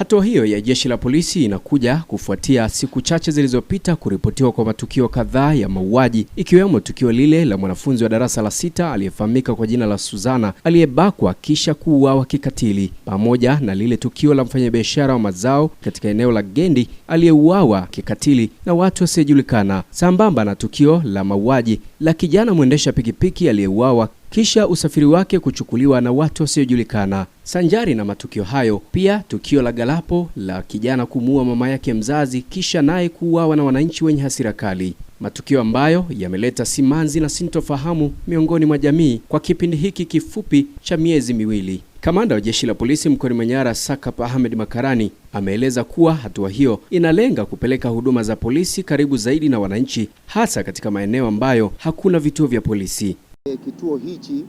Hatua hiyo ya jeshi la polisi inakuja kufuatia siku chache zilizopita kuripotiwa kwa matukio kadhaa ya mauaji ikiwemo tukio lile la mwanafunzi wa darasa la sita aliyefahamika kwa jina la Suzana aliyebakwa kisha kuuawa kikatili, pamoja na lile tukio la mfanyabiashara wa mazao katika eneo la Gendi aliyeuawa kikatili na watu wasiojulikana, sambamba na tukio la mauaji la kijana mwendesha pikipiki aliyeuawa kisha usafiri wake kuchukuliwa na watu wasiojulikana. Sanjari na matukio hayo, pia tukio la Galapo la kijana kumuua mama yake mzazi kisha naye kuuawa na wananchi wenye hasira kali, matukio ambayo yameleta simanzi na sintofahamu miongoni mwa jamii kwa kipindi hiki kifupi cha miezi miwili. Kamanda wa Jeshi la Polisi mkoani Manyara, Sakap Ahmed Makarani, ameeleza kuwa hatua hiyo inalenga kupeleka huduma za polisi karibu zaidi na wananchi, hasa katika maeneo ambayo hakuna vituo vya polisi. Eh, kituo hichi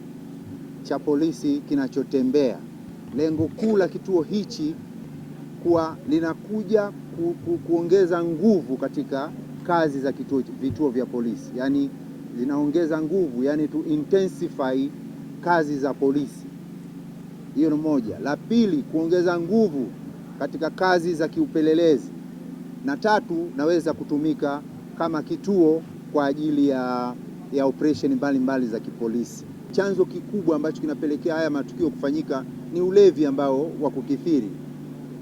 cha polisi kinachotembea, lengo kuu la kituo hichi kuwa linakuja ku, ku, kuongeza nguvu katika kazi za kituo, vituo vya polisi, yaani linaongeza nguvu, yani to intensify kazi za polisi. Hiyo ni moja. La pili, kuongeza nguvu katika kazi za kiupelelezi, na tatu, naweza kutumika kama kituo kwa ajili ya ya operesheni mbalimbali za kipolisi. Chanzo kikubwa ambacho kinapelekea haya matukio kufanyika ni ulevi ambao wa kukithiri,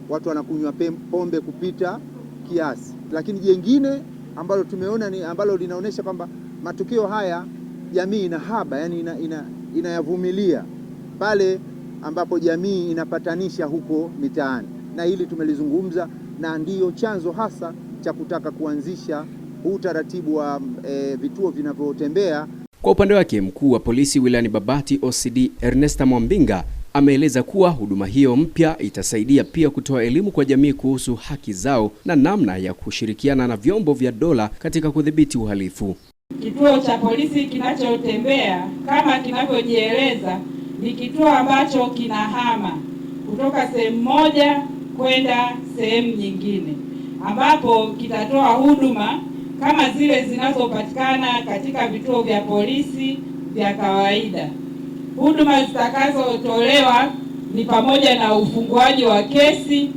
watu wanakunywa pombe kupita kiasi. Lakini jengine ambalo tumeona ni ambalo linaonyesha kwamba matukio haya jamii ina haba, yani inayavumilia, ina, ina pale ambapo jamii inapatanisha huko mitaani, na hili tumelizungumza na ndiyo chanzo hasa cha kutaka kuanzisha huu utaratibu wa e, vituo vinavyotembea. Kwa upande wake mkuu wa polisi wilayani Babati OCD Ernesta Mwambinga ameeleza kuwa huduma hiyo mpya itasaidia pia kutoa elimu kwa jamii kuhusu haki zao na namna ya kushirikiana na vyombo vya dola katika kudhibiti uhalifu. Kituo cha polisi kinachotembea kama kinavyojieleza ni kituo ambacho kinahama kutoka sehemu moja kwenda sehemu nyingine, ambapo kitatoa huduma kama zile zinazopatikana katika vituo vya polisi vya kawaida. Huduma zitakazotolewa ni pamoja na ufunguaji wa kesi,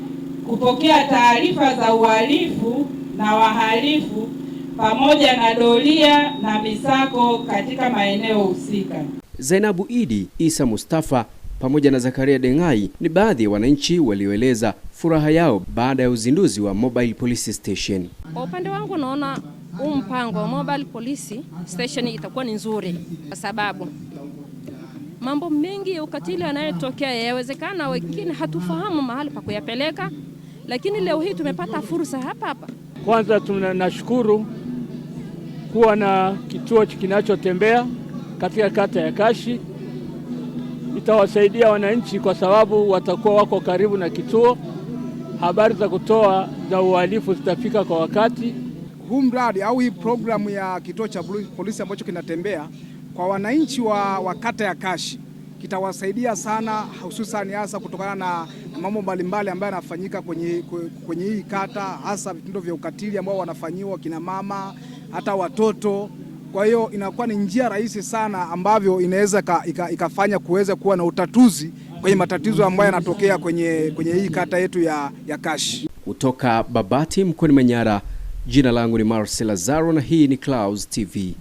kupokea taarifa za uhalifu na wahalifu, pamoja na doria na misako katika maeneo husika. Zainabu Idi Isa Mustafa pamoja na Zakaria Dengai ni baadhi ya wananchi walioeleza furaha yao baada ya uzinduzi wa mobile police station. Kwa upande wangu, naona huu mpango wa mobile police station itakuwa ni nzuri, kwa sababu mambo mengi ya ukatili yanayotokea yawezekana wengine hatufahamu mahali pa kuyapeleka, lakini leo hii tumepata fursa hapa hapa. Kwanza tunashukuru kuwa na kituo kinachotembea katika kata ya Kashi itawasaidia wananchi kwa sababu watakuwa wako karibu na kituo, habari za kutoa za uhalifu zitafika kwa wakati. Huu mradi au hii programu ya kituo cha polisi ambacho kinatembea kwa wananchi wa, wa kata ya Kashi kitawasaidia sana, hususani hasa kutokana na mambo mbalimbali ambayo yanafanyika kwenye, kwenye hii kata, hasa vitendo vya ukatili ambao wanafanyiwa kina mama hata watoto. Kwa hiyo inakuwa ni njia rahisi sana ambavyo inaweza ikafanya kuweza kuwa na utatuzi kwenye matatizo ambayo yanatokea kwenye, kwenye hii kata yetu ya, ya Kashi. Kutoka Babati mkoani Manyara, jina langu ni Marcel Lazaro na hii ni Clouds TV.